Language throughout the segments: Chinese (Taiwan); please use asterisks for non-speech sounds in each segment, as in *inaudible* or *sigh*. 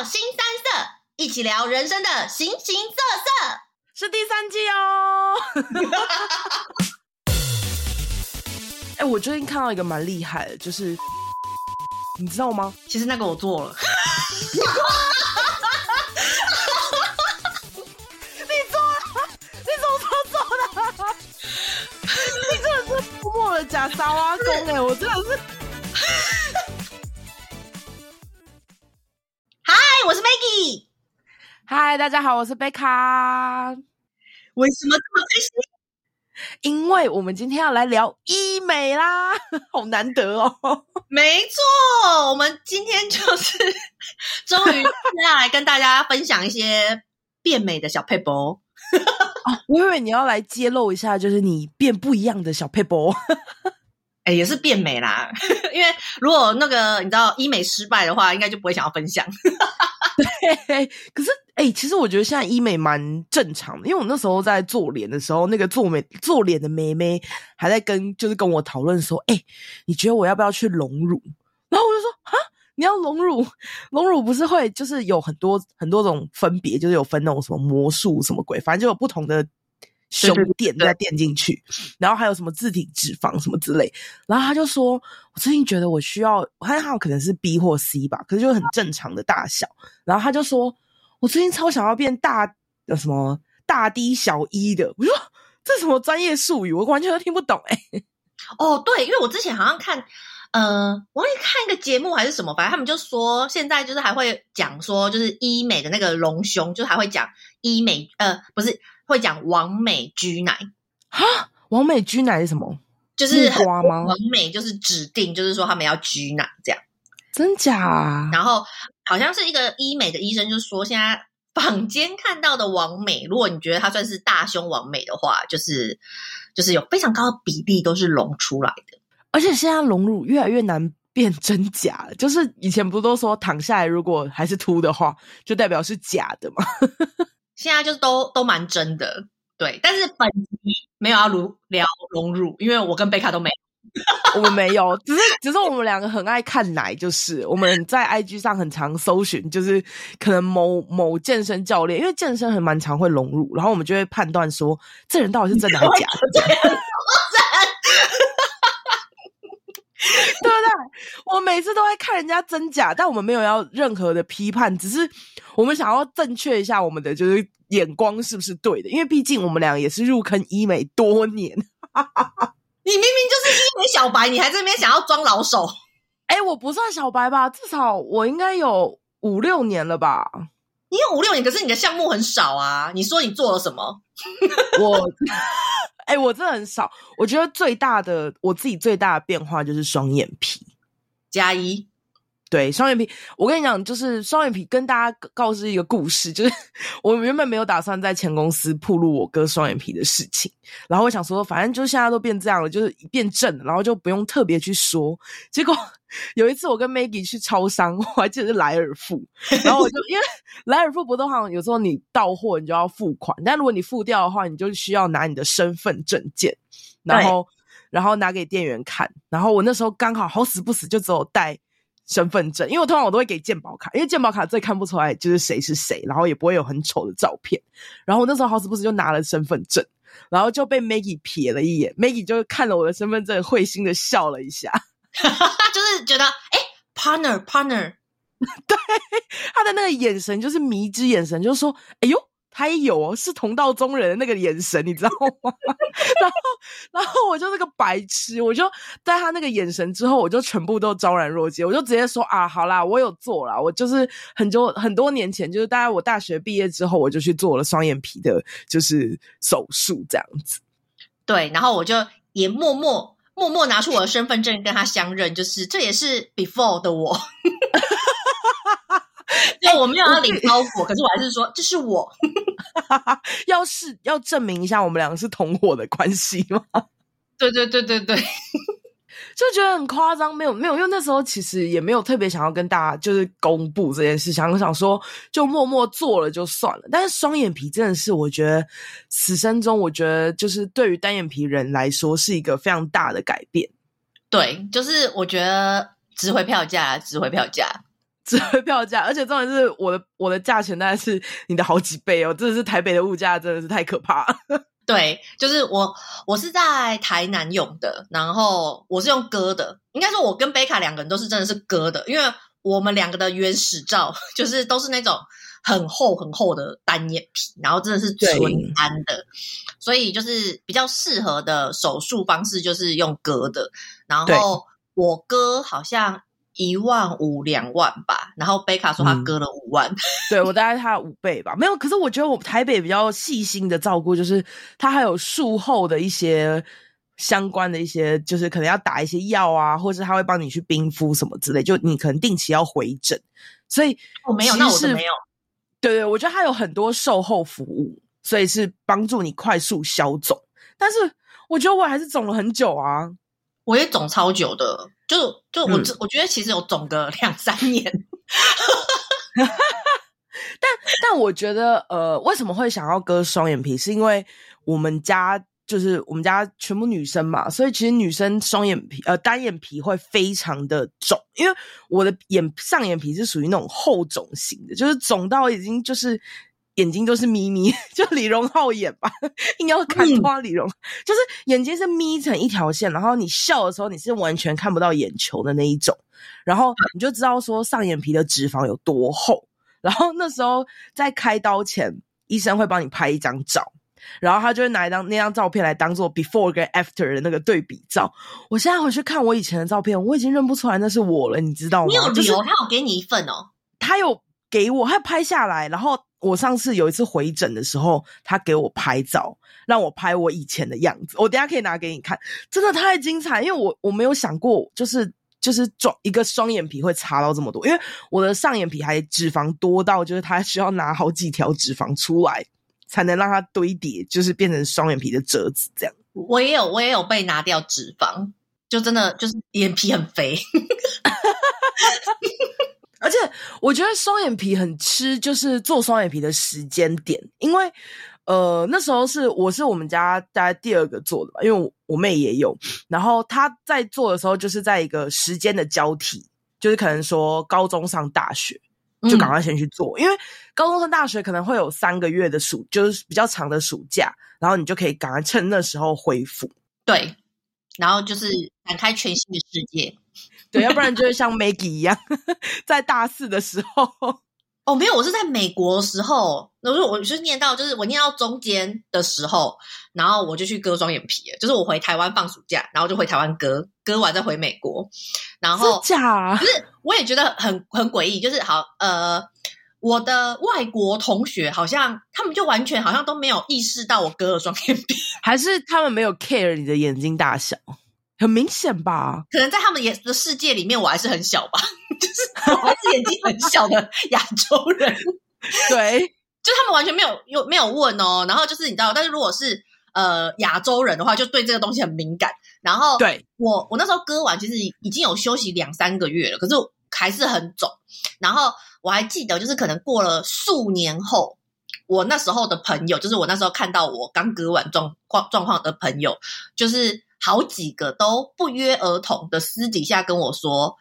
腥羶色一起聊人生的形形色色，是第三季哦。哎、 *laughs* 欸，我最近看到一個蠻厲害的，就是你知道嗎？其實那個我做了。 *laughs* *laughs* *laughs* 你做了？你怎麼做做的？你真的是莫了假沙挖工哎！是我真的是。嗨，Hi, 大家好，我是貝卡。為什麼這麼開心？因為我們今天要來聊醫美啦， *laughs* 好難得哦。沒錯，我們今天就是終於要來跟大家分享一些變美的小撇步。 *laughs* 啊，我以為你要來揭露一下，就是你變不一樣的小撇步。 *laughs* 也是變美啦 *laughs* ，因為如果那個你知道醫美失敗的話，應該就不會想要分享。 *laughs* 對，可是誒、欸，其實我覺得現在醫美蠻正常的，因為我那時候在做臉的時候，那個做美做臉的妹妹還在跟就是跟我討論說，哎、欸，你覺得我要不要去隆乳？然後我就說啊，你要隆乳，隆乳不是會就是有很多很多種分別，就是有分那種什麼魔術什麼鬼，反正就有不同的。胸墊再墊進去，然後還有什麼自體脂肪什麼之類，然後他就說：“我最近覺得我需要，我看他可能是 B 或 C 吧，可是就很正常的大小。”然後他就說：“我最近超想要變大，有什麼大 D 小 E 的？”我說：“這什麼專業術語？我完全都聽不懂、欸哦。”哎，哦對，因為我之前好像看，嗯、呃，我好像看一個節目還是什麼，反正他們就說現在就是還會講說，就是醫美的那個隆胸，就還會講醫美，呃，不是。會講網美巨奶啊？網美巨奶是什麼？就是瓜嗎？網美就是指定，就是說他們要巨奶這樣，真假啊？然後好像是一個醫美的醫生就說，現在坊間看到的網美，如果你覺得她算是大胸網美的話，就是就是有非常高的比例都是隆出來的。而且現在隆乳越來越難辨真假，就是以前不都說躺下來，如果還是凸的話，就代表是假的嗎？ *laughs* 現在就是都都蠻真的，對，但是本集沒有要隆聊隆乳，因為我跟貝卡都沒 *laughs* 我們沒有，只是只是我們兩個很愛看奶，就是我們在 IG 上很常搜尋，就是可能某某健身教練，因為健身很蠻常會隆乳，然後我們就會判斷說這人到底是真的還是假的。 *laughs* *laughs* 對不對？我每次都會看人家真假，但我們沒有要任何的批判，只是我們想要正確一下我們的就是眼光是不是對的？因為畢竟我們倆也是入坑醫美多年。 *laughs* 你明明就是醫美小白，你還在那邊想要裝老手？哎、 *laughs* 欸，我不算小白吧？至少我應該有五六年了吧？你有五六年，可是你的項目很少啊？你說你做了什麼？ *laughs* 我。 *laughs* 哎、欸，我真的很少。我覺得最大的，我自己最大的變化就是雙眼皮，加一。對，雙眼皮，我跟你講，就是雙眼皮，跟大家告知一個故事，就是我原本沒有打算在前公司暴露我割雙眼皮的事情，然後我想說，反正就現在都變這樣了，就是一變正，然後就不用特別去說。結果有一次我跟 Maggie 去超商，我還記得是萊爾富，然後我就因為 *laughs* 萊爾富不都好像有時候你到貨你就要付款，但如果你付掉的話，你就需要拿你的身份證件，然後、哎、然後拿給店員看，然後我那時候剛好好死不死就只有帶，身份證，因為我通常我都會給健保卡，因為健保卡最看不出來就是誰是誰，然後也不會有很醜的照片。然後我那時候好死不死就拿了身份證，然後就被 Maggie 撇了一眼，Maggie 就看了我的身份證，會心的笑了一下，哈哈 *laughs* 就是覺得哎、欸、 *laughs* ，partner，partner， *laughs* 對他的那個眼神就是迷之眼神，就是說，哎呦。他也有哦，是同道中人的那個眼神，你知道嗎？ *laughs* 然後，然後我就那個白痴，我就在他那個眼神之後，我就全部都昭然若揭，我就直接說啊，好啦，我有做啦，我就是很久很多年前，就是大概我大學畢業之後，我就去做了雙眼皮的，就是手術這樣子。對，然後我就也默默默默拿出我的身份證跟他相認，就是這也是 before 的我。 *laughs* 欸、對，我沒有要領包裹，是可是我還是說，這、就是我， *laughs* 要是要證明一下我們兩個是同夥的關係嗎？對對對對對， *laughs* 就覺得很誇張，沒有沒有，因為那時候其實也沒有特別想要跟大家就是公布這件事情，我想，想說就默默做了就算了。但是雙眼皮真的是，我覺得此生中，我覺得就是對於單眼皮人來說是一個非常大的改變。對，就是我覺得值回票價，值回票價。這票價，而且重點是我的我的價錢大概是你的好幾倍哦，真的是台北的物價真的是太可怕。對，就是我我是在台南用的，然後我是用割的，應該說我跟貝卡兩個人都是真的是割的，因為我們兩個的原始照就是都是那種很厚很厚的單眼皮，然後真的是純單的，對所以就是比較適合的手術方式就是用割的，然後我割好像。一萬五兩萬吧，然後貝卡說他割了五萬，嗯、對我大概他五倍吧，沒有。可是我覺得我台北比較細心的照顧，就是他還有術後的一些相關的一些，就是可能要打一些藥啊，或者他會幫你去冰敷什麼之類，就你可能定期要回診。所以我、哦、沒有，那我是沒有。對對，我覺得他有很多售後服務，所以是幫助你快速消腫。但是我覺得我還是腫了很久啊。我也腫超久的，就就我、嗯、我覺得其實有腫個兩三年 *laughs* *laughs* 但，但但我覺得呃為什麼會想要割雙眼皮，是因為我們家就是我們家全部女生嘛，所以其實女生雙眼皮呃單眼皮會非常的腫，因為我的眼上眼皮是屬於那種厚腫型的，就是腫到已經就是。眼睛都是眯眯，就李榮浩演吧，一 *laughs* 定要看花李榮，嗯、就是眼睛是眯成一條線，然後你笑的時候，你是完全看不到眼球的那一種，然後你就知道說上眼皮的脂肪有多厚。然後那時候在開刀前，醫生會幫你拍一張照，然後他就會拿一張那張照片來當做 before 跟 after 的那個對比照。我現在回去看我以前的照片，我已經認不出來那是我了，你知道嗎？你有留，就是、他有給你一份哦，他有給我，他拍下來，然後。我上次有一次回診的時候，他給我拍照，讓我拍我以前的樣子。我等一下可以拿給你看，真的太精彩！因為我我沒有想過，就是就是一個雙眼皮會差到這麼多，因為我的上眼皮還脂肪多到，就是他需要拿好幾條脂肪出來，才能讓它堆疊，就是變成雙眼皮的褶子這樣子。我也有我也有被拿掉脂肪，就真的就是眼皮很肥。 *laughs* *laughs* 而且我覺得雙眼皮很吃，就是做雙眼皮的時間點，因為，呃，那時候是我是我們家大家第二個做的吧，因為我我妹也有，然後她在做的時候就是在一個時間的交替，就是可能說高中上大學就趕快先去做，嗯，因為高中上大學可能會有三個月的暑，就是比較長的暑假，然後你就可以趕快趁那時候恢復，對，然後就是展開全新的世界。 *laughs* 對，要不然就會像 Maggie 一樣， *laughs* 在大四的時候。哦，沒有，我是在美國的時候，我就我是念到，就是我念到中間的時候，然後我就去割雙眼皮，就是我回台灣放暑假，然後就回台灣割，割完再回美國。然後假？不是，我也覺得很很詭異，就是好，呃，我的外國同學好像他們就完全好像都沒有意識到我割了雙眼皮，還是他們沒有 care 你的眼睛大小？很明顯吧，可能在他們眼的世界裡面，我還是很小吧， *laughs* 就是我還是眼睛很小的亞洲人。 *laughs* 對，就是他們完全沒有又沒有問哦。然後就是你知道，但是如果是呃亞洲人的話，就對這個東西很敏感。然後，對，我我那時候割完，其實已經有休息兩三個月了，可是還是很腫。然後我還記得，就是可能過了數年後，我那時候的朋友，就是我那時候看到我剛割完狀況狀況的朋友，就是。好幾個都不約而同的私底下跟我說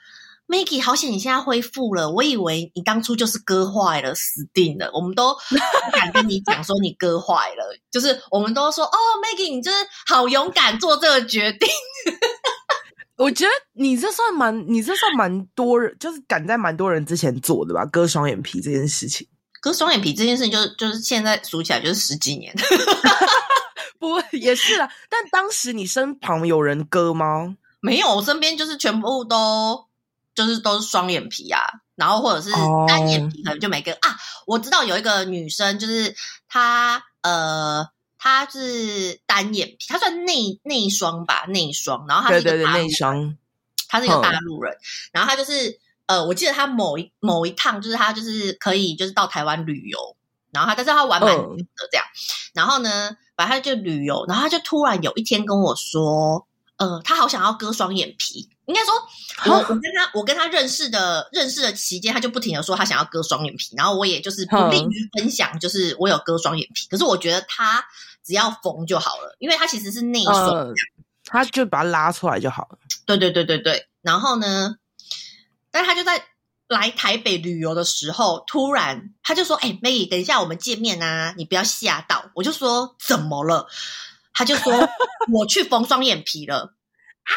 ：“Maggie，好險，你現在恢復了。我以為你當初就是割壞了，死定了。我們都不敢跟你講說你割壞了， *laughs* 就是我們都說哦，Maggie，你就是好勇敢，做這個決定。 *laughs* 我覺得你這算蠻，你這算蠻多人，就是趕在蠻多人之前做的吧？割雙眼皮這件事情，割雙眼皮這件事情，就是就是現在數起來就是十幾年。 *laughs* ”不也是啦？但當時你身旁有人割嗎？ *laughs* 沒有，我身邊就是全部都就是都是雙眼皮啊，然後或者是單眼皮，可能就沒割、oh. 啊。我知道有一個女生，就是她，呃，她是單眼皮，她算內內雙吧，內雙。然後她是對對對，內雙，她是一個大陸人。嗯、然後她就是呃，我記得她某一某一趟，就是她就是可以就是到台灣旅遊，然後她，但是她玩蠻久的這樣，oh. 然後呢？反正就旅遊，然後他就突然有一天跟我說：“呃，他好想要割雙眼皮。”應該說，我我跟他我跟他認識的認識的期間，他就不停的說他想要割雙眼皮，然後我也就是不吝於分享，就是我有割雙眼皮，嗯、可是我覺得他只要縫就好了，因為他其實是內雙、呃，他就把它拉出來就好了。對對對對對。然後呢？但是他就在。來台北旅遊的時候，突然他就說：“哎、欸、，May，等一下我們見面啊，你不要嚇到。”我就說：“怎麼了？”他就說：“ *laughs* 我去縫雙眼皮了。”啊，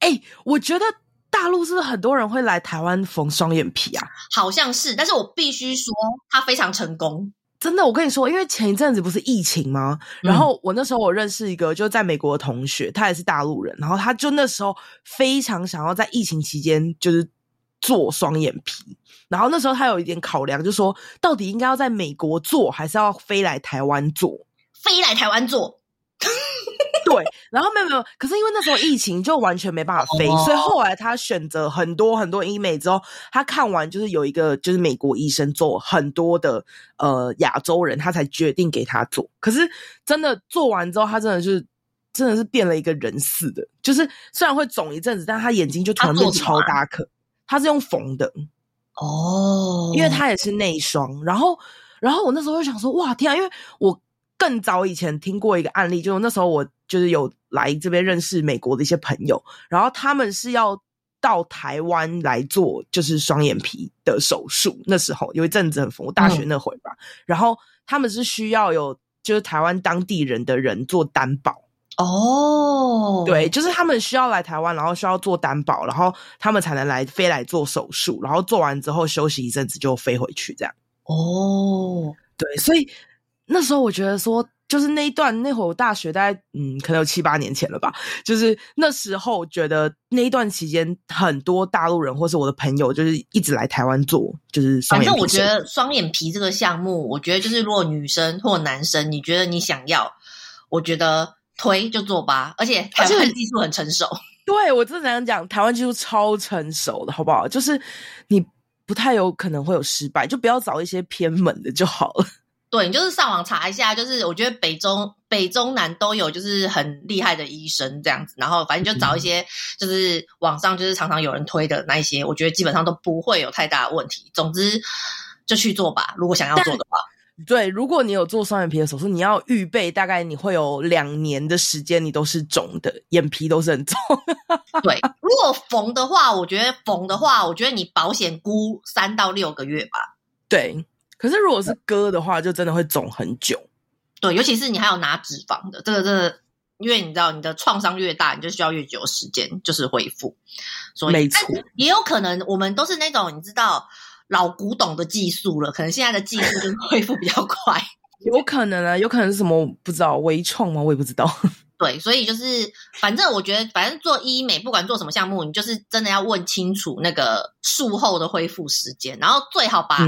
哎，我覺得大陸是不是很多人會來台灣縫雙眼皮啊，好像是，但是我必須說他非常成功。真的，我跟你說，因為前一陣子不是疫情嗎？嗯、然後我那時候我認識一個就在美國的同學，他也是大陸人，然後他就那時候非常想要在疫情期間就是。做雙眼皮，然後那時候他有一點考量就是，就說到底應該要在美國做，還是要飛來台灣做？飛來台灣做。 *laughs* 對，然後沒有沒有，可是因為那時候疫情就完全沒辦法飛，哦哦，所以後來他選擇很多很多醫美之後，他看完就是有一個就是美國醫生做很多的呃亞洲人，他才決定給他做。可是真的做完之後，他真的是真的是變了一個人似的，就是雖然會腫一陣子，但他眼睛就全部超大顆。他是用縫的哦，因為他也是內雙，然後，然後我那時候就想說，哇，天啊，因為我更早以前聽過一個案例，就是那時候我就是有來這邊認識美國的一些朋友，然後他們是要到台灣來做就是雙眼皮的手術，那時候有一陣子很瘋，我大學那會吧，嗯，然後他們是需要有就是台灣當地人的人做擔保。哦，oh. 對，就是他們需要來台灣，然後需要做擔保，然後他們才能來飛來做手術，然後做完之後休息一陣子就飛回去，這樣。哦，oh. 對，所以那時候我覺得說，就是那一段那會兒，我大學大概嗯，可能有七八年前了吧。就是那時候覺得那一段期間，很多大陸人或是我的朋友，就是一直來台灣做，就是反正我覺得雙眼皮這個項目，我覺得就是如果女生或者男生，你覺得你想要，我覺得。推就做吧，而且他這個技術很成熟。對，我正想講，台灣技術超成熟的，好不好？就是你不太有可能會有失敗，就不要找一些偏門的就好了。對，你就是上網查一下，就是我覺得北中北中南都有，就是很厲害的醫生這樣子。然後反正就找一些，就是網上就是常常有人推的那一些，嗯、我覺得基本上都不會有太大的問題。總之就去做吧，如果想要做的話。對，如果你有做雙眼皮的手術，你要預備大概你會有兩年的時間，你都是腫的，眼皮都是很腫。 *laughs* 對，如果縫的話，我覺得縫的話，我覺得你保險估三到六個月吧。對，可是如果是割的話，對就真的會腫很久。對，尤其是你還有拿脂肪的，這個這個因為你知道你的創傷越大，你就需要越久的時間就是恢復。所以沒錯錯，也有可能我們都是那種你知道。老古董的技術了，可能現在的技術就是恢復比較快。 *laughs* 有可能啊，有可能是什麼不知道微創嗎？我也不知道。對，所以就是反正我覺得，反正做醫美不管做什麼項目，你就是真的要問清楚那個術後的恢復時間，然後最好把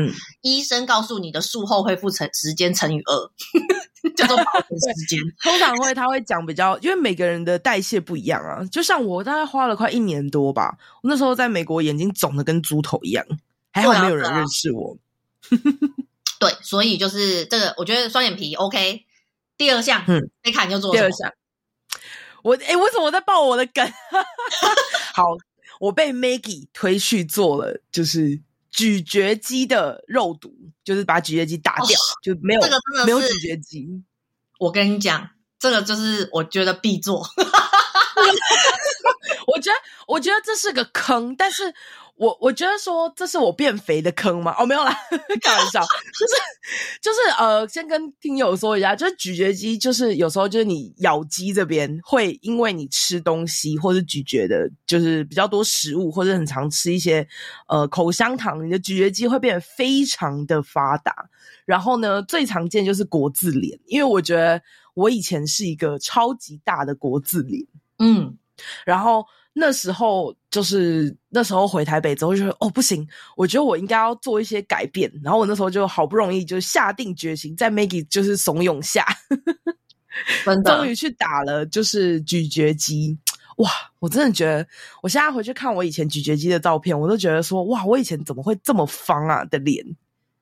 醫生告訴你的術後恢復成時間乘以二，叫做保存時間 *laughs* 通常會他會講比較， *laughs* 因為每個人的代謝不一樣啊。就像我大概花了快一年多吧，我那時候在美國眼睛腫的跟豬頭一樣。還好沒有人認識我對、啊，啊、 *laughs* 對，所以就是這個，我覺得雙眼皮 OK。第二項，嗯，貝卡你就做了第二項。我哎，為、欸、什麼我在爆我的梗？ *laughs* *laughs* 好，我被 Maggie 推去做了，就是咀嚼肌的肉毒，就是把咀嚼肌打掉，哦、噓就沒有這個沒有咀嚼肌。我跟你講，這個就是我覺得必做。 *laughs* *laughs* 我覺得，我覺得這是個坑，但是。我我覺得說這是我變肥的坑嗎？哦，沒有啦，呵呵開玩笑， *laughs* 就是就是呃，先跟聽友說一下，就是咀嚼肌，就是有時候就是你咬肌這邊會因為你吃東西或是咀嚼的，就是比較多食物或者很常吃一些呃口香糖，你的咀嚼肌會變得非常的發達。然後呢，最常見就是國字臉，因為我覺得我以前是一個超級大的國字臉，嗯，然後那時候。就是那時候回台北之後就，就說哦不行，我覺得我應該要做一些改變。然後我那時候就好不容易，就下定決心，在 Maggie 就是慫恿下，終 *laughs* 於真的去打了就是咀嚼肌。哇，我真的覺得，我現在回去看我以前咀嚼肌的照片，我都覺得說哇，我以前怎麼會這麼方啊的臉？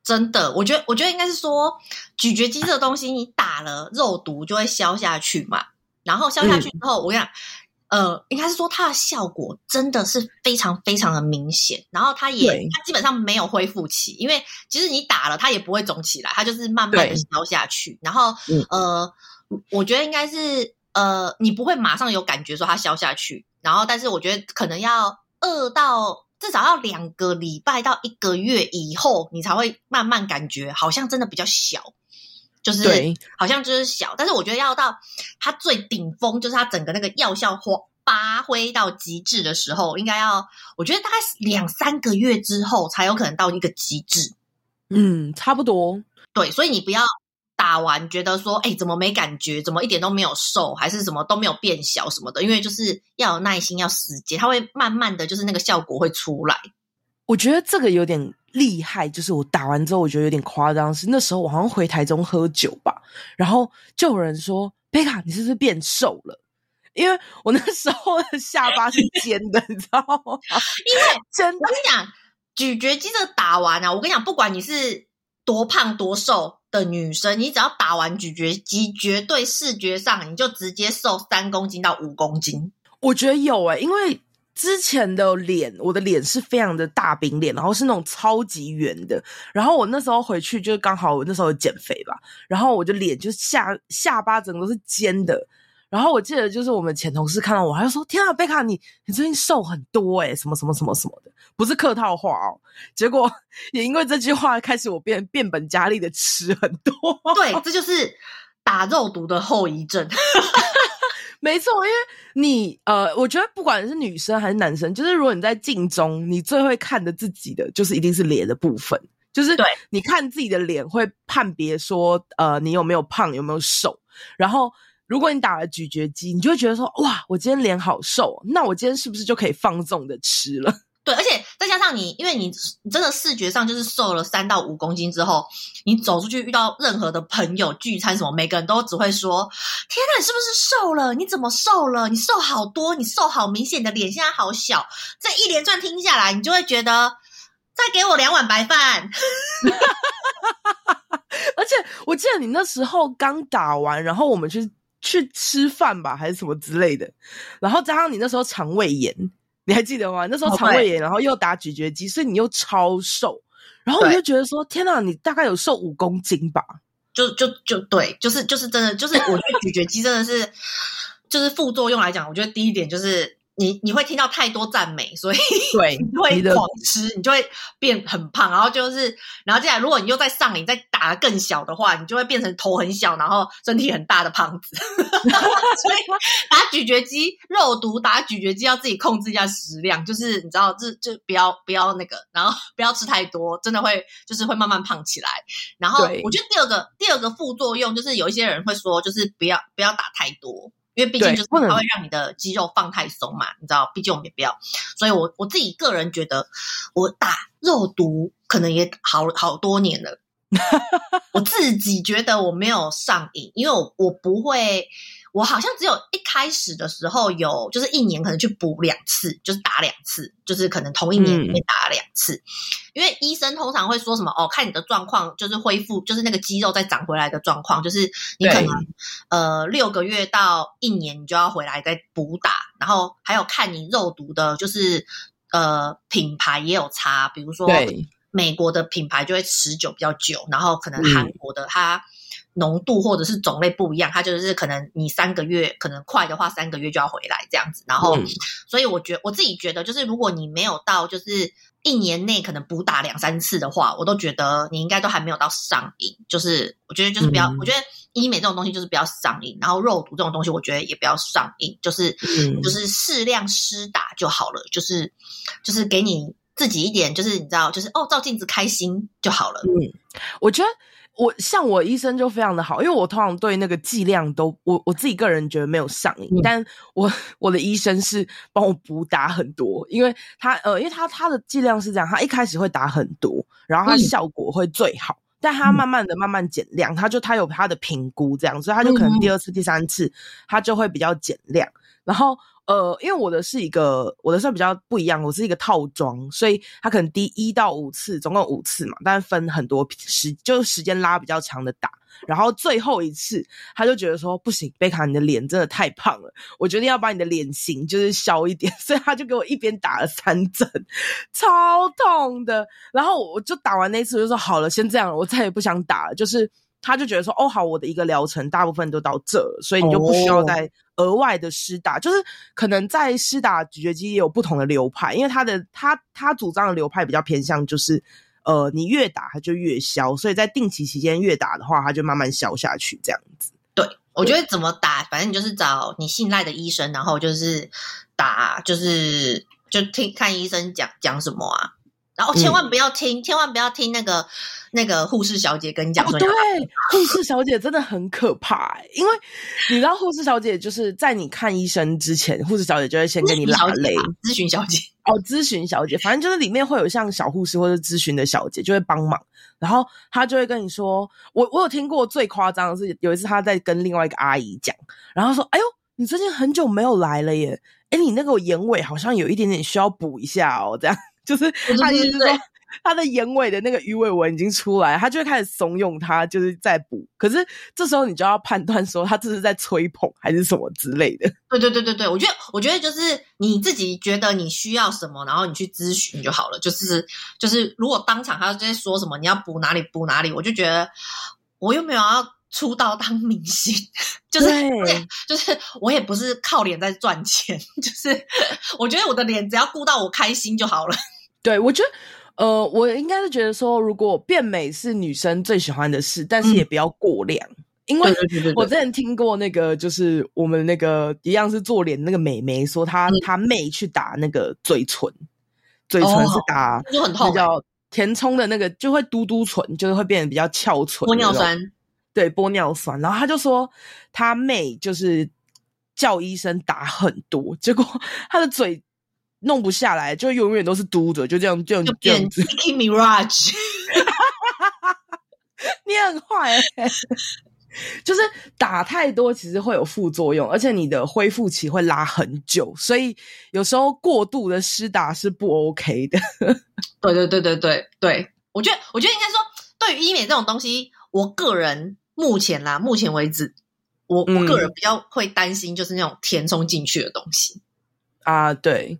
真的，我覺得我覺得應該是說咀嚼肌這個東西，你打了肉毒就會消下去嘛。然後消下去之後，嗯、我跟你講呃，應該是說它的效果真的是非常非常的明顯，然後它也對它基本上沒有恢復期，因為其實你打了它也不會腫起來，它就是慢慢的消下去。對然後、嗯、呃，我覺得應該是呃，你不會馬上有感覺說它消下去，然後但是我覺得可能要二到至少要兩個禮拜到一個月以後，你才會慢慢感覺好像真的比較小。就是好像就是小，對但是我覺得要到它最頂峰，就是它整個那個藥效發發揮到極致的時候，應該要我覺得大概兩三個月之後才有可能到一個極致。嗯，差不多。對，所以你不要打完覺得說，哎、欸，怎麼沒感覺？怎麼一點都沒有瘦？還是什麼都沒有變小什麼的？因為就是要有耐心，要時間，它會慢慢的就是那個效果會出來。我覺得這個有點。厲害，就是我打完之後，我覺得有點誇張。是那時候我好像回台中喝酒吧，然後就有人說：“貝卡，你是不是變瘦了？”因為我那時候的下巴是尖的，你知道嗎？因為真的，我跟你講，咀嚼肌的打完啊，我跟你講，不管你是多胖多瘦的女生，你只要打完咀嚼肌，絕對視覺上你就直接瘦三公斤到五公斤。我覺得有哎、欸，因為。之前的臉，我的臉是非常的大餅臉，然後是那種超級圓的。然後我那時候回去，就是剛好我那時候減肥吧，然後我的臉就下下巴整個都是尖的。然後我記得就是我們前同事看到我，他就說：“天啊，貝卡，你你最近瘦很多哎、欸，什麼什麼什麼什麼的，不是客套話哦。”結果也因為這句話，開始我變變本加厲的吃很多。對，這就是打肉毒的後遺症。 *laughs* 沒錯，因為你呃，我覺得不管是女生還是男生，就是如果你在鏡中，你最會看的自己的，就是一定是臉的部分。就是對，你看自己的臉，會判別說，呃，你有沒有胖，有沒有瘦。然後，如果你打了咀嚼肌，你就會覺得說，哇，我今天臉好瘦啊，那我今天是不是就可以放縱的吃了？對，而且再加上你，因為你真的視覺上就是瘦了三到五公斤之後，你走出去遇到任何的朋友聚餐什麼，每個人都只會說：“天哪，你是不是瘦了？你怎麼瘦了？你瘦好多，你瘦好明顯，你的臉現在好小。”這一連串聽下來，你就會覺得：“再給我兩碗白飯。” *laughs* *laughs* 而且我記得你那時候剛打完，然後我們去去吃飯吧，還是什麼之類的，然後加上你那時候腸胃炎。你還記得嗎？那時候腸胃炎，然後又打咀嚼肌，oh, 對所以你又超瘦，然後我就覺得說：對天哪，你大概有瘦五公斤吧？就就就對，就是就是真的，就是我對咀嚼肌真的是， *laughs* 就是副作用來講，我覺得第一點就是。你你會聽到太多讚美，所以你會狂吃，你，你就會變很胖。然後就是，然後接下來如果你又在上癮，你再打的更小的話，你就會變成頭很小，然後身體很大的胖子。 *laughs* 然後所以打咀嚼肌肉毒，打咀嚼肌要自己控制一下食量，就是你知道，就就不要不要那個，然後不要吃太多，真的會就是會慢慢胖起來。然後我覺得第二個對第二個副作用就是有一些人會說，就是不要不要打太多。因為畢竟就是它會讓你的肌肉放太鬆嘛，你知道，畢竟我們也不要，所以我我自己個人覺得，我打肉毒可能也好好多年了， *laughs* 我自己覺得我沒有上癮，因為我我不會。我好像只有一開始的時候有，就是一年可能去補兩次，就是打兩次，就是可能同一年裡面打兩次。嗯、因為醫生通常會說什麼哦，看你的狀況，就是恢復，就是那個肌肉再長回來的狀況，就是你可能對呃六個月到一年，你就要回來再補打。然後還有看你肉毒的，就是呃品牌也有差，比如說美國的品牌就會持久比較久，然後可能韓國的它。對嗯濃度或者是種類不一樣，它就是可能你三個月，可能快的話三個月就要回來這樣子。然後，嗯、所以我覺得我自己覺得，就是如果你沒有到就是一年內可能補打兩三次的話，我都覺得你應該都還沒有到上癮。就是我覺得就是比較，嗯、我覺得醫美這種東西就是比較上癮，然後肉毒這種東西我覺得也比較上癮，就是、嗯、就是適量施打就好了，就是就是給你自己一點，就是你知道，就是哦，照鏡子開心就好了。嗯，我覺得。我像我醫生就非常的好，因為我通常對那個劑量都我我自己個人覺得沒有上癮，嗯、但我我的醫生是幫我補打很多，因為他呃，因為他他的劑量是這樣，他一開始會打很多，然後他效果會最好，嗯、但他慢慢的慢慢減量，嗯、他就他有他的評估這樣，所以他就可能第二次、第三次他就會比較減量，然後。呃，因為我的是一個，我的算比較不一樣，我是一個套裝，所以他可能第一到五次，總共五次嘛，但是分很多時，就是時間拉比較長的打，然後最後一次他就覺得說不行，貝卡你的臉真的太胖了，我決定要把你的臉型就是削一點，所以他就給我一邊打了三針，超痛的，然後我就打完那一次我就說好了，先這樣了，我再也不想打了，就是他就覺得說哦好，我的一個療程大部分都到這，所以你就不需要再。哦。額外的施打，就是可能在施打咀嚼肌，也有不同的流派，因為他的他他主張的流派比較偏向就是，呃，你越打它就越消，所以在定期期間越打的話，它就慢慢消下去這樣子。對，我覺得怎麼打，反正你就是找你信賴的醫生，然後就是打，就是就聽看醫生講講什麼啊。然後千萬不要聽，嗯、千萬不要聽那個那個護士小姐跟你講。哦，對，護士小姐真的很可怕，欸， *laughs* 因為你知道護士小姐就是在你看醫生之前，護士小姐就會先跟你拉雷，啊。諮詢小姐哦，諮詢小姐，反正就是裡面會有像小護士或者諮詢的小姐就會幫忙，然後她就會跟你說，我我有聽過最誇張的是有一次她在跟另外一個阿姨講，然後說，哎呦，你最近很久沒有來了耶，哎，你那個眼尾好像有一點點需要補一下哦，這樣。就是他意思說他的眼尾的那個魚尾紋已經出來，他就會開始慫恿他，就是在補。可是這時候你就要判斷說，他這是在吹捧還是什麼之類的。對對對對對，我覺得，我覺得就是你自己覺得你需要什麼，然後你去諮詢就好了。就是就是，如果當場他就在說什麼你要補哪裡補哪裡，我就覺得我又沒有要出道當明星，就是對就是，我也不是靠臉在賺錢，就是我覺得我的臉只要顧到我開心就好了。對，我覺得，呃，我應該是覺得說，如果變美是女生最喜歡的事，但是也不要過量，嗯、因為我之前聽過那個，就是我們那個一樣是做臉那個美眉說她，她、嗯、她妹去打那個嘴唇，嘴唇是打比較填充的那個，就會嘟嘟唇，就是會變得比較翹唇，玻尿酸有沒有，對，玻尿酸，然後她就說她妹就是叫醫生打很多，結果她的嘴。弄不下來，就永遠都是嘟着，就這樣，就這樣，就變這樣子。Mirage，你很壞、欸， *laughs* 就是打太多，其實會有副作用，而且你的恢復期會拉很久，所以有時候過度的施打是不 OK 的。對對對對對對，我覺得，我覺得應該說，對於醫美這種東西，我個人目前啦，目前為止，我、嗯、我個人比較會擔心，就是那種填充進去的東西啊，對。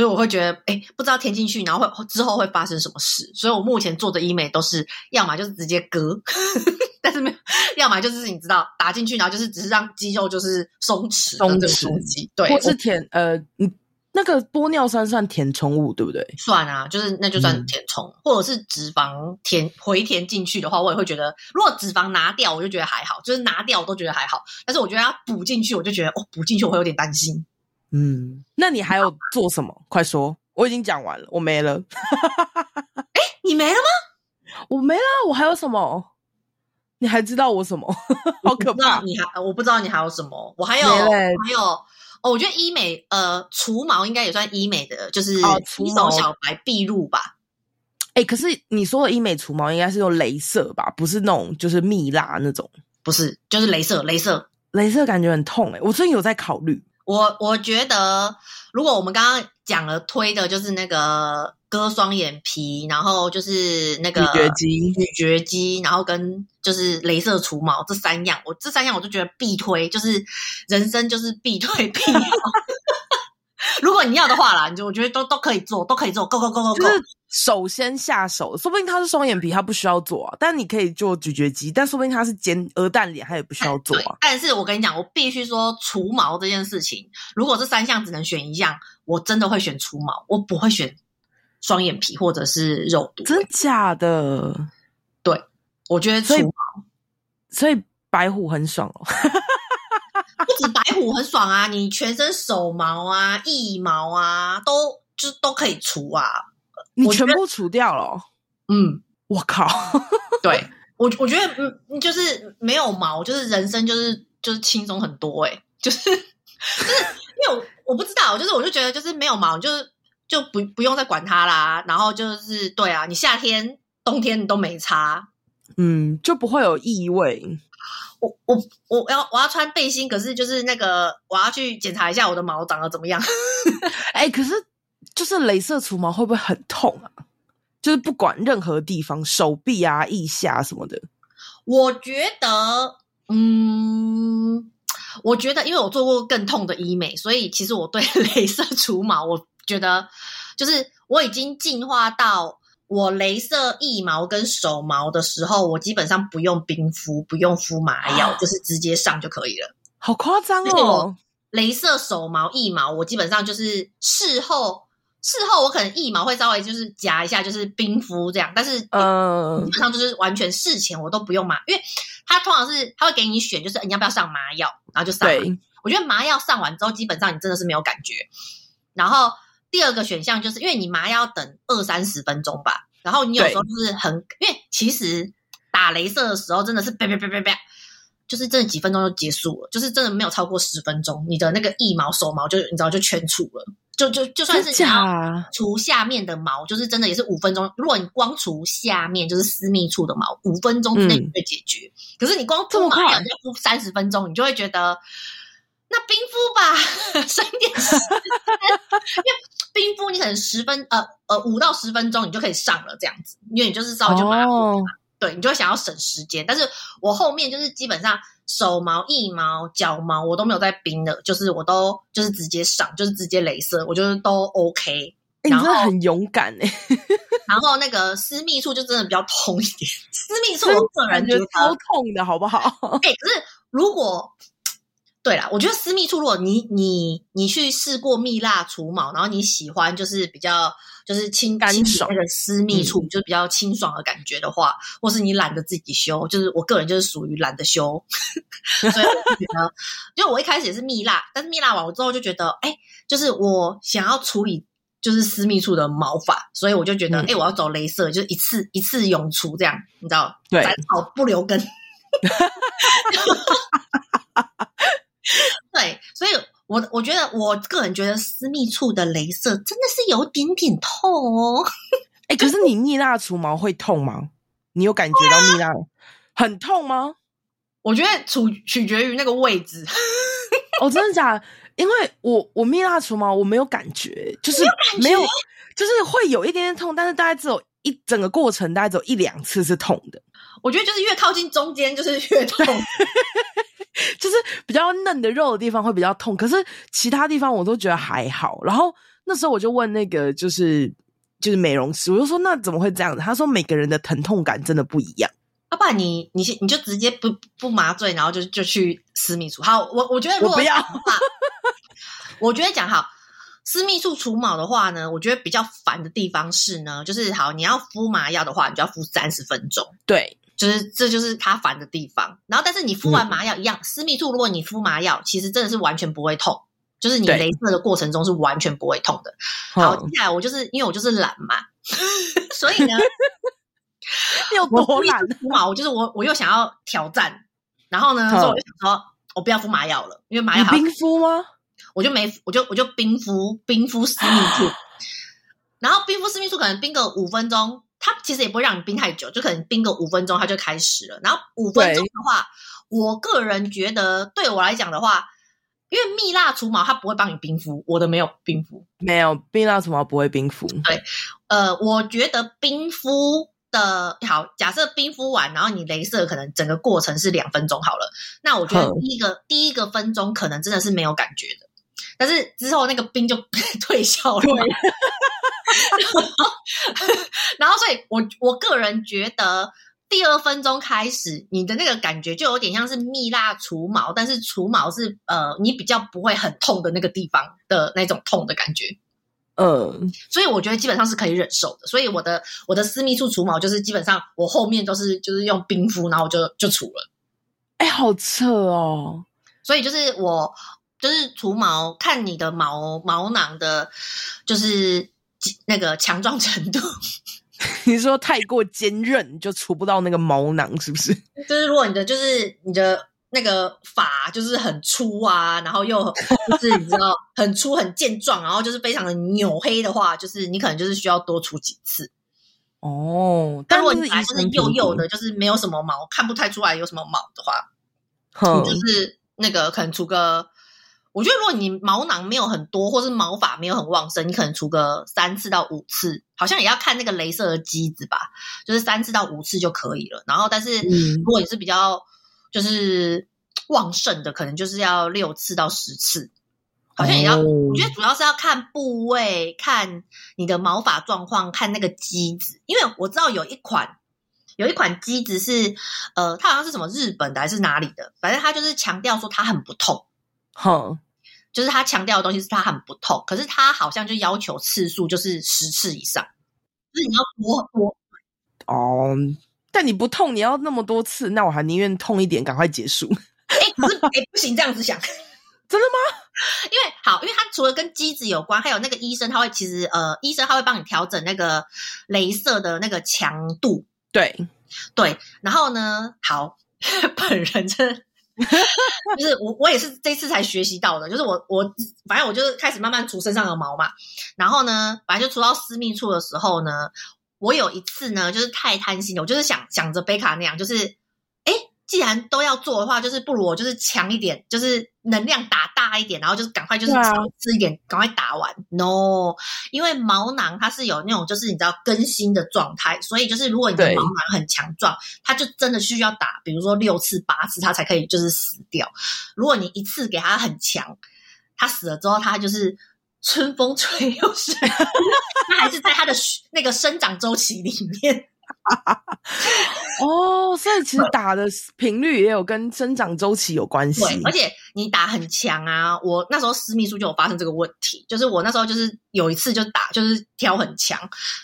所以我會覺得，哎、欸，不知道填進去，然後會之後會發生什麼事。所以我目前做的醫美都是，要麼就是直接割，呵呵但是沒有，要麼就是你知道打進去，然後就是只是讓肌肉就是鬆弛的，鬆弛肌。對，或是填我呃，嗯，那個玻尿酸算填充物對不對？算啊，就是那就算填充，嗯、或者是脂肪填回填進去的話，我也會覺得，如果脂肪拿掉，我就覺得還好，就是拿掉我都覺得還好。但是我覺得它補進去，我就覺得哦，補進去我會有點擔心。嗯，那你還有做什麼？啊、快說！我已經講完了，我沒了。哎、 *laughs* 欸，你沒了嗎？我沒了，我還有什麼？你還知道我什麼？ *laughs* 好可怕！你還我不知道你還有什麼？我還有，Yeah. 還有哦，我覺得醫美呃除毛應該也算醫美的，就是除毛小白必入吧。哎、哦欸，可是你說的醫美除毛應該是用雷射吧？不是那種，就是蜜蠟那種？不是，就是雷射，雷射，雷射，感覺很痛哎、欸！我最近有在考慮。我我覺得，如果我們剛剛講了推的就是那個割雙眼皮，然後就是那個咀嚼肌、咀嚼肌，然後跟就是鐳射除毛這三樣，我這三樣我就覺得必推，就是人生就是必推必要。 *laughs* *laughs* *laughs* 如果你要的話啦，你就我覺得都都可以做，都可以做，go go go go go。就是首先下手，說不定他是雙眼皮，他不需要做、啊，但你可以做咀嚼肌；但說不定他是尖鵝蛋臉，他也不需要做、啊哎。但是我跟你講，我必須說除毛這件事情，如果這三項只能選一項，我真的會選除毛，我不會選雙眼皮或者是肉毒。真假的？對，我覺得除毛。所以，所以白虎很爽哦。 *laughs* 你白虎很爽啊！你全身手毛啊、腋毛啊，都就都可以除啊！你全部除掉了。嗯，我靠！ *laughs* 對，我，我覺得嗯，就是沒有毛，就是人生就是就是輕鬆很多哎，就是、欸、就是、就是、因為我，我不知道，就是我就覺得就是沒有毛，就是就不不用再管它啦。然後就是對啊，你夏天冬天你都沒差，嗯，就不會有異味。我我，我要我要穿背心，可是就是那個我要去檢查一下我的毛長得怎麼樣。哎、 *laughs* *laughs* 欸，可是就是鐳射除毛會不會很痛啊？就是不管任何地方，手臂啊、腋下啊什麼的。我覺得，嗯，我覺得，因為我做過更痛的醫美，所以其實我對鐳射除毛，我覺得就是我已經進化到。我雷射腋毛跟手毛的時候，我基本上不用冰敷，不用敷麻藥，啊、就是直接上就可以了。好誇張哦！雷射手毛腋毛，我基本上就是事後，事後我可能腋毛會稍微就是夾一下，就是冰敷這樣。但是，嗯，基本上就是完全事前我都不用麻藥，因為它通常是他會給你選，就是你要不要上麻藥，然後就上。對，我覺得麻藥上完之後，基本上你真的是沒有感覺。然後。第二個選項就是因為你麻藥，要等二三十分鐘吧，然後你有時候就是很，對因為其實打雷射的時候真的是，就是真的幾分鐘就結束了，就是真的沒有超過十分鐘，你的那個腋毛手毛就你知道就全除了，就就就算是你除下面的毛，就是真的也是五分鐘，如果你光除下面就是私密處的毛，五分鐘之內你會解決。嗯、可是你光敷，這麼快，就敷三十分鐘，你就會覺得。啊、冰敷吧，省點時間。 *laughs* 因為冰敷你可能十分呃呃五到十分鐘你就可以上了，這樣子，因為你就是燒就麻了，哦、對，你就會想要省時間。但是我後面就是基本上手毛、腋毛、腳毛我都沒有在冰的，就是我都就是直接上，就是直接鐳射，我覺得都 OK、欸。然後你真的很勇敢哎、欸！然後那個私密處就真的比較痛一點， *laughs* 真 *laughs* 私密處我個人就超痛的好不好？哎、欸，可是如果。對啦，我覺得私密處，如果你你你，你去試過蜜蠟除毛，然後你喜歡就是比較就是清乾爽清的私密處，嗯、就是比較清爽的感覺的話，或是你懶得自己修，就是我個人就是屬於懶得修， *laughs* 所以我就覺得，因為 *laughs* 我一開始也是蜜蠟，但是蜜蠟完之後就覺得，哎、欸，就是我想要處理就是私密處的毛髮，所以我就覺得，哎、嗯欸，我要走鐳射，就是一次一次永除，這樣你知道嗎？對，斬草不留根。 *laughs* *laughs* *laughs* 對，所以我，我我覺得，我個人覺得私密處的鐳射真的是有點點痛哦。哎、欸，就是，可是你蜜蠟除毛會痛嗎？你有感覺到蜜蠟、啊、很痛嗎？我覺得取取決於那個位置。我、 *laughs* 哦、真的假的？ *laughs* 因為我我蜜蠟除毛我沒有感覺，就是沒有，有就是會有一點點痛，但是大概只有一整個過程大概只有一兩次是痛的。我覺得就是越靠近中間就是越痛。對 *laughs* 就是比較嫩的肉的地方會比較痛，可是其他地方我都覺得還好。然後那時候我就問那個就是就是美容師，我就說那怎麼會這樣子？他說每個人的疼痛感真的不一樣。啊不然，你你你就直接不不麻醉，然後就就去私密處。好，我我覺得如果我我不要， *laughs* 我覺得講好私密處除毛的話呢，我覺得比較煩的地方是呢，就是好你要敷麻藥的話，你就要敷三十分鐘。對。就是這就是他煩的地方，然後但是你敷完麻藥一樣，嗯、私密處如果你敷麻藥，其實真的是完全不會痛，就是你雷射的過程中是完全不會痛的。對好，接下來我就是因為我就是懶嘛，嗯、所以呢， *laughs* 有多懶？嘛，我就是我我又想要挑戰，然後呢，嗯、所以我就想說，我不要敷麻藥了，因為麻藥好冰敷嗎？我就沒我就我就冰敷冰敷私密處， *laughs* 然後冰敷私密處可能冰個五分鐘。它其實也不會讓你冰太久，就可能冰個五分鐘，它就開始了。然後五分鐘的話，對我個人覺得，對我來講的話，因為蜜蠟除毛，它不會幫你冰敷，我的沒有冰敷，沒有，蜜蠟除毛不會冰敷。對，呃，我覺得冰敷的好，假設冰敷完，然後你雷射，可能整個過程是兩分鐘好了。那我覺得第一個哼第一個分鐘可能真的是沒有感覺的，但是之後那個冰就 *laughs* 退燒了。對 *laughs* *laughs* *laughs* 然後，所以我，我我個人覺得，第二分鐘開始，你的那個感覺就有點像是蜜蠟除毛，但是除毛是呃，你比較不會很痛的那個地方的那種痛的感覺。嗯，所以我覺得基本上是可以忍受的。所以我的我的私密處除毛就是基本上我後面都是就是用冰敷，然後就就除了。哎，好扯哦！所以就是我就是除毛，看你的毛毛囊的，就是。那個強壯程度， *laughs* 你說太過堅韌就除不到那個毛囊，是不是？就是如果你的，就是你的那個髮就是很粗啊，然後又就 *laughs* 是你知道很粗很健壯，然後就是非常的黝黑的話，就是你可能就是需要多除幾次。哦，但是但如果你還是幼幼的，就是沒有什麼毛，看不太出來有什麼毛的話，呵你就是那個可能除個。我覺得如果你毛囊沒有很多，或是毛髮沒有很旺盛，你可能除個三次到五次，好像也要看那個雷射的機子吧，就是三次到五次就可以了。然後，但是如果你是比較就是旺盛的，可能就是要六次到十次，好像也要。哦、我覺得主要是要看部位、看你的毛髮狀況、看那個機子，因為我知道有一款有一款機子是，呃，它好像是什麼日本的還是哪裡的，反正它就是強調說它很不痛，哼、哦。就是他強調的東西是他很不痛，可是他好像就要求次數就是十次以上，就是你要多多哦。但你不痛，你要那麼多次，那我還寧願痛一點，趕快結束。哎、 *laughs* 欸，不是，哎、欸，不行，這樣子想， *laughs* 真的嗎？因為好，因為他除了跟機子有關，還有那個醫生，他會其實呃，醫生他會幫你調整那個雷射的那個強度。對對，然後呢，好，本人真的。 *laughs* 就是我，我也是這次才學習到的。就是我，我反正我就是開始慢慢除身上的毛嘛。然後呢，反正就除到私密處的時候呢，我有一次呢，就是太貪心了，我就是想想着貝卡那樣，就是誒、欸，既然都要做的話，就是不如我就是強一點，就是。能量打大一點，然後就是趕快，就是少吃一點，趕 Yeah. 快打完。no，因為毛囊它是有那種就是你知道更新的狀態，所以就是如果你的毛囊很強壯，對它就真的需要打，比如說六次八次，它才可以就是死掉。如果你一次給它很強，它死了之後，它就是春風吹又生， *laughs* *laughs* 它還是在它的那個生長周期裡面。 *laughs* 哦，所以其實打的頻率也有跟生長周期有關係，對，而且你打很強啊。我那時候私密處就有發生這個問題，就是我那時候就是有一次就打，就是調很強，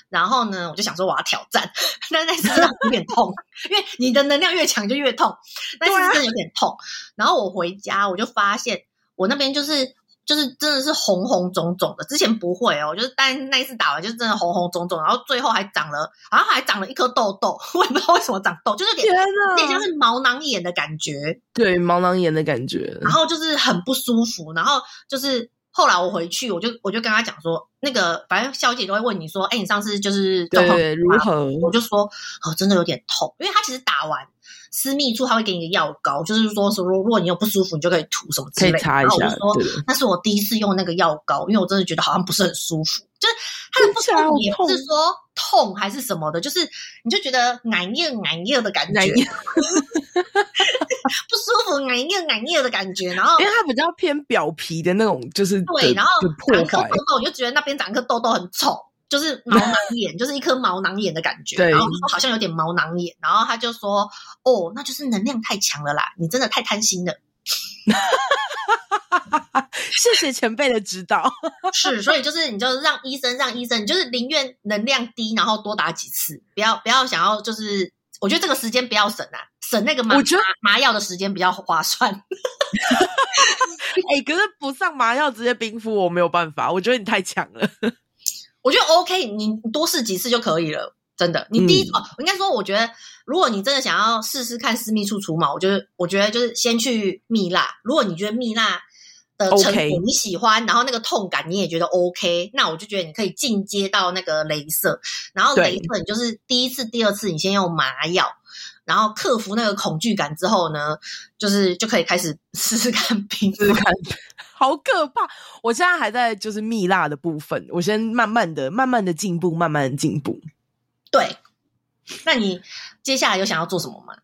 然後呢，我就想說我要挑戰，但是在身上有點痛， *laughs* 因為你的能量越強就越痛，但是真的有點痛。然後我回家我就發現我那邊就是。就是真的是紅紅腫腫的，之前不會哦，就是但那一次打完就真的紅紅腫腫，然後最後還長了，好像還長了一顆痘痘，我也不知道為什麼長痘，就是有點哪像是毛囊炎的感覺，對，毛囊炎的感覺，然後就是很不舒服，然後就是後來我回去，我就我就跟他講說，那個反正小姐都會問你說，哎、欸，你上次就是如何如何，我就說哦，真的有點痛，因為他其實打完。私密處他會給你個藥膏，就是說，如果你有不舒服，你就可以塗什麼之類的。可以擦一下，然後我就說對那是我第一次用那個藥膏，因為我真的覺得好像不是很舒服，就是它的不舒服也不是說痛還是什麼的，就是你就覺得癢癢癢癢的感覺。難夜 *laughs* *laughs* 不舒服，癢癢癢癢的感覺。然後，因為它比較偏表皮的那種，就是對，然後長痘痘的破。然後我就覺得那邊長一顆痘痘很醜。就是毛囊炎， *laughs* 就是一顆毛囊炎的感覺，對然後說好像有點毛囊炎，然後他就說：“哦，那就是能量太強了啦，你真的太貪心了。” *laughs* 謝謝前輩的指導。 *laughs* 是，所以就是你就讓醫生讓醫生，你就是寧願能量低，然後多打幾次，不要不要想要就是，我覺得這個時間不要省啊，省那個麻我覺得麻藥的時間比較划算。哎、 *laughs* *laughs* 欸，可是不上麻藥直接冰敷我，我沒有辦法。我覺得你太強了。我覺得 OK，你多試幾次就可以了。真的，你第一哦，嗯、我應該說，我覺得如果你真的想要試試看私密處除毛，我覺得，我覺得就是先去蜜蠟。如果你覺得蜜蠟的成果你喜歡，okay, 然後那個痛感你也覺得 OK，那我就覺得你可以進階到那個鐳射。然後鐳射，你就是第一次、第二次，你先用麻藥。然後克服那個恐懼感之後呢，就是就可以開始試試看、拼拼看。 *laughs* 好可怕！我現在還在就是蜜蠟的部分，我先慢慢的、慢慢的進步，慢慢的進步。對，那你接下來有想要做什麼嗎？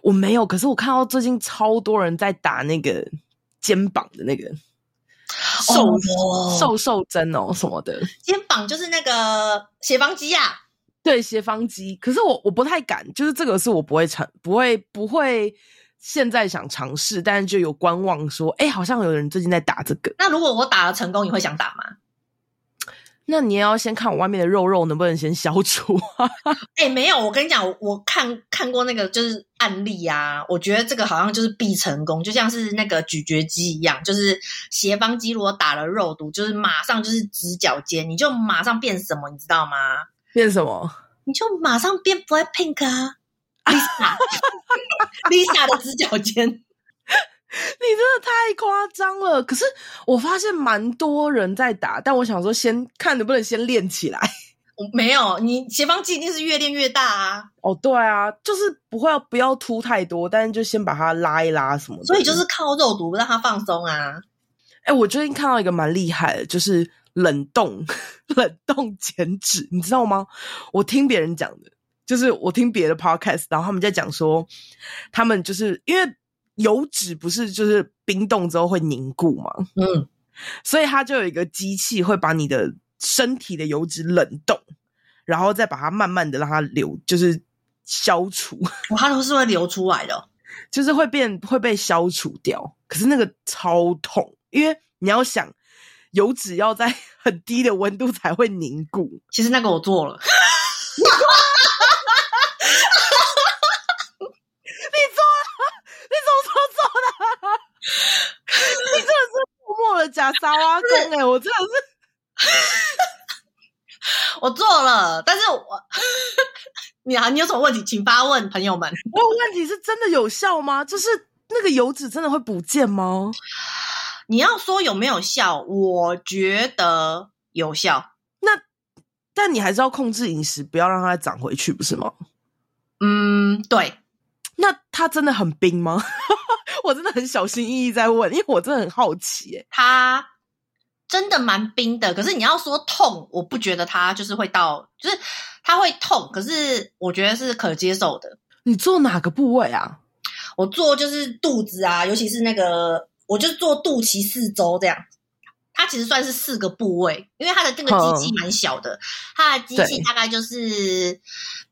*laughs* 我沒有，可是我看到最近超多人在打那個肩膀的那個、哦、瘦瘦瘦針哦什麼的，肩膀就是那個斜方肌啊。對斜方肌，可是我我不太敢，就是這個是我不會嘗，不會不會現在想嘗試，但是就有觀望說，哎、欸，好像有人最近在打這個。那如果我打了成功，你會想打嗎？那你也要先看我外面的肉肉能不能先消除。哎、 *laughs* 欸，沒有，我跟你講，我看看過那個就是案例啊，我覺得這個好像就是必成功，就像是那個咀嚼肌一樣，就是斜方肌如果打了肉毒，就是馬上就是直角肩，你就馬上變什麼，你知道嗎？變什麼？你就馬上變 BLACKPINK 啊，Lisa，Lisa、啊、下 *laughs* 的直角肩， *laughs* 你真的太誇張了。可是我發現蠻多人在打，但我想說，先看能不能先練起來。我沒有，你斜方肌一定是越練越大啊。哦，對啊，就是不會要不要凸太多，但是就先把它拉一拉什麼的。所以就是靠肉毒讓它放鬆啊。哎、欸，我最近看到一個蠻厲害的，就是。冷凍，冷凍減脂，你知道嗎？我聽別人講的，就是我聽別的 podcast，然後他們在講說，他們就是因為油脂不是就是冰凍之後會凝固嘛，嗯，所以他就有一個機器會把你的身體的油脂冷凍，然後再把它慢慢的讓它流，就是消除，它都哇是會流出來的，就是會變會被消除掉。可是那個超痛，因為你要想。油脂要在很低的溫度才會凝固。其實那個我做了，你做了？你怎麼做做的？ *laughs* *laughs* 你真的是默默的假沙拉醬哎！ *laughs* 我真的是 *laughs* *laughs* 我做了，但是我， *laughs* 你好、啊、你有什麼問題請發問，朋友們。 *laughs* 我問，問題是真的有效嗎？就是那個油脂真的會不見嗎？你要說有沒有效？我覺得有效。那但你還是要控制飲食，不要讓它長回去，不是嗎？嗯，對。那它真的很冰嗎？ *laughs* 我真的很小心翼翼在問，因為我真的很好奇，欸。哎，他真的蠻冰的。可是你要說痛，我不覺得他就是會到，就是他會痛。可是我覺得是可接受的。你做哪個部位啊？我做就是肚子啊，尤其是那個。我就做肚臍四周這樣，它其實算是四個部位，因為它的這個機器蠻小的，嗯、它的機器大概就是，對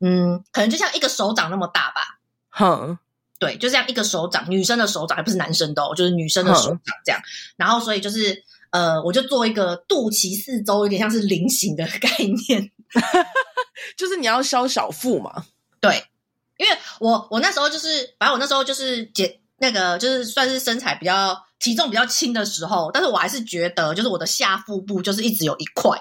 嗯，可能就像一個手掌那麼大吧。哼、嗯，對，就像一個手掌，女生的手掌，還不是男生的哦，就是女生的手掌這樣。嗯、然後所以就是，呃，我就做一個肚臍四周，有點像是菱形的概念， *laughs* 就是你要消小腹嘛。對，因為我我那時候就是，反正我那時候就是減。那個就是算是身材比較體重比較輕的時候，但是我還是覺得，就是我的下腹部就是一直有一塊，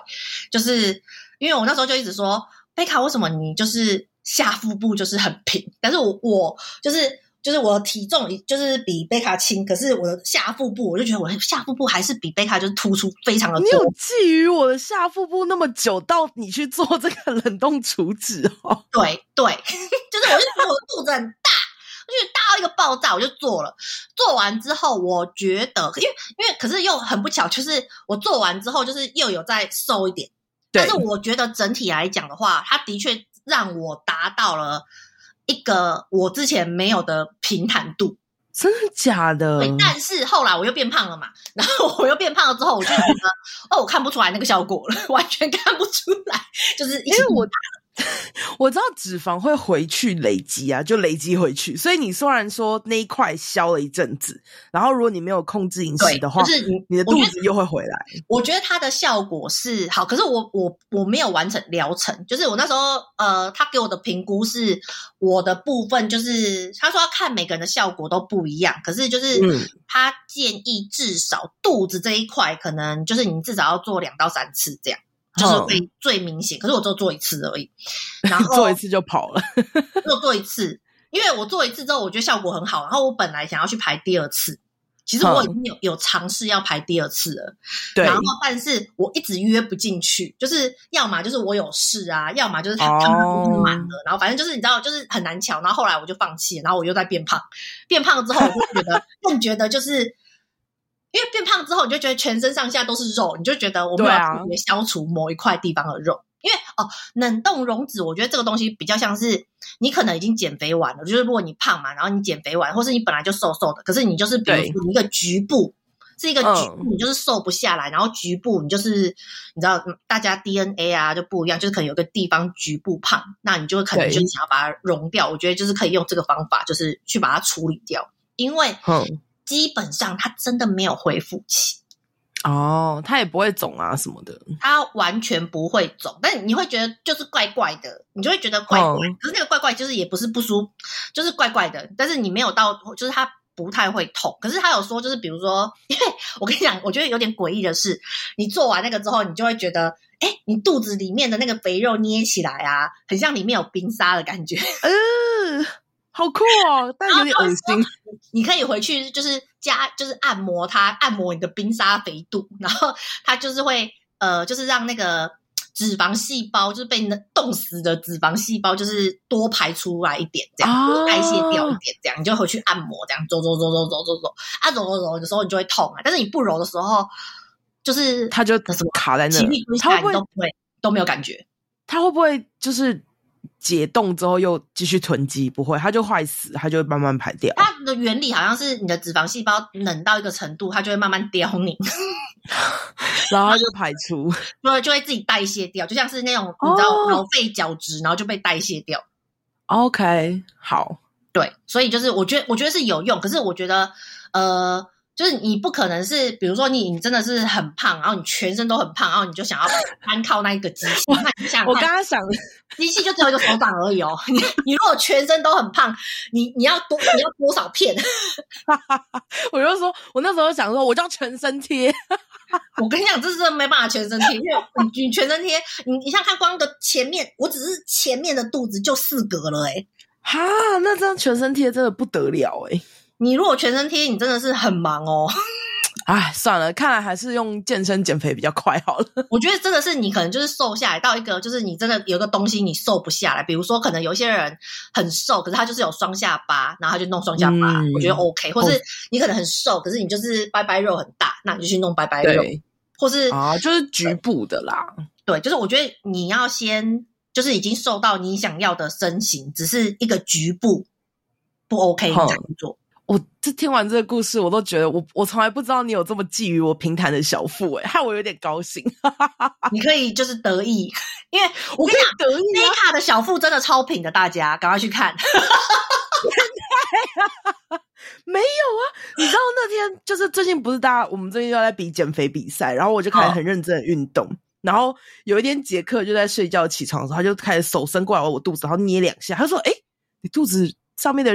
就是因為我那時候就一直說貝卡為什麼你就是下腹部就是很平，但是我我就是就是我的體重就是比貝卡輕，可是我的下腹部我就覺得我的下腹部還是比貝卡就是突出非常的多。你有覬覦我的下腹部那麼久，到你去做這個冷凍除脂哦？對對，就是我就覺得我肚子很大。 *laughs* 就是大到一個爆炸，我就做了。做完之後，我覺得，因為因為可是又很不巧，就是我做完之後，就是又有再瘦一點。對。但是我覺得整體來講的話，它的確讓我達到了一個我之前沒有的平坦度。真的假的？對。但是後來我又變胖了嘛，然後我又變胖了之後，我就覺得 *laughs* 哦，我看不出來那個效果了，完全看不出來，就是因為我。 *laughs* 我知道脂肪會回去累積啊，就累積回去。所以你雖然說那一塊消了一陣子，然後如果你沒有控制飲食的話，就是你的肚子又會回來。我覺得它的效果是好，可是我我我沒有完成療程，就是我那時候呃，他給我的評估是我的部分，就是他說要看每個人的效果都不一樣，可是就是他建議至少肚子這一塊，可能就是你至少要做兩到三次這樣。就是會最明顯，嗯、可是我只有做一次而已，然後做一次就跑了，做 *laughs* 做一次，因為我做一次之後我覺得效果很好，然後我本來想要去排第二次，其實我已經有、嗯、有嘗試要排第二次了，對，然後但是我一直約不進去，就是要麼就是我有事啊，要麼就是他排滿了，哦、然後反正就是你知道，就是很難喬，然後後來我就放棄了，然後我又在變胖，變胖之後我就覺得，就 *laughs* 覺得就是。因為變胖之後，你就覺得全身上下都是肉，你就覺得我們要消除某一塊地方的肉啊。因為哦，冷凍溶脂，我覺得這個東西比較像是你可能已經減肥完了，就是如果你胖嘛，然後你減肥完，或是你本來就瘦瘦的，可是你就是比如說一個局部對是一個局部，你就是瘦不下來，嗯、然後局部你就是你知道大家 DNA 啊就不一樣，就是可能有個地方局部胖，那你就會可能就想要把它溶掉。對我覺得就是可以用這個方法，就是去把它處理掉，因為。基本上，他真的沒有恢復期。哦，他也不會腫啊什麼的，他完全不會腫。但是你會覺得就是怪怪的，你就會覺得怪怪。Oh. 可是那個怪怪，就是也不是不舒，就是怪怪的。但是你沒有到，就是他不太會痛。可是他有說，就是比如說，因為我跟你講，我覺得有點詭異的是，你做完那個之後，你就會覺得，哎、欸，你肚子裡面的那個肥肉捏起來啊，很像裡面有冰沙的感覺。 *laughs* 好酷哦，但有點噁心。你可以回去，就是加，就是按摩它，按摩你的冰沙肥肚，然後它就是會，呃，就是讓那個脂肪細胞，就是被那凍死的脂肪細胞，就是多排出來一點，這樣代謝、啊、掉一點，這樣你就回去按摩，這樣揉揉揉揉揉揉，啊揉揉揉的時候你就會痛啊，但是你不揉的時候，就是它就什麼卡在那，起起來它會不會都沒有感覺？它會不會就是？解凍之後又繼續囤積，不會，它就壞死，它就會慢慢排掉。它的原理好像是你的脂肪細胞冷到一個程度，它就會慢慢凋零， *laughs* 然後就排出，不 *laughs* 就會自己代謝掉，就像是那種、oh. 你知道老廢角質，然後就被代謝掉。OK，好，對，所以就是我覺得我覺得是有用，可是我覺得呃。就是你不可能是，比如說你你真的是很胖，然後你全身都很胖，然後你就想要單靠那一個機器。我看一下，我剛剛想，機器就只有一個手掌而已哦。 *laughs* 你你如果全身都很胖，你你要多你要多少片？ *laughs* 我就說，我那時候想說，我叫全身貼。 *laughs* 我跟你講，這真的沒辦法全身貼，因為你，你全身貼，你你像看光個前面，我只是前面的肚子就四格了誒、欸、哈，那這樣全身貼真的不得了誒、欸你如果全身貼，你真的是很忙哦。哎，算了，看來還是用健身減肥比較快好了。我覺得真的是你可能就是瘦下來到一個，就是你真的有個東西你瘦不下來，比如說可能有些人很瘦，可是他就是有雙下巴，然後他就弄雙下巴。嗯、我覺得 OK，或是你可能很瘦，哦、可是你就是拜拜肉很大，那你就去弄拜拜肉，對或是啊，就是局部的啦對。對，就是我覺得你要先就是已經瘦到你想要的身形，只是一個局部不 OK 再去做。我這聽完這個故事，我都覺得我我從來不知道你有這麼覬覦我平坦的小腹，欸，哎，害我有點高興。哈哈哈，你可以就是得意，因為我跟你講，妮、啊、卡的小腹真的超平的，大家趕快去看。 *laughs* *laughs* *laughs* 沒有啊，你知道那天就是最近不是大家，我們最近要在比減肥比賽，然後我就開始很認真的運動，好然後有一天傑克就在睡覺起床的時候，他就開始手伸過來我我肚子，然後捏兩下，他說：“哎、欸，你肚子上面的。”